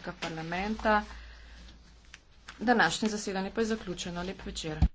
Evropskega parlamenta. Današnje zasedanje pa je zaključeno. Lep večer.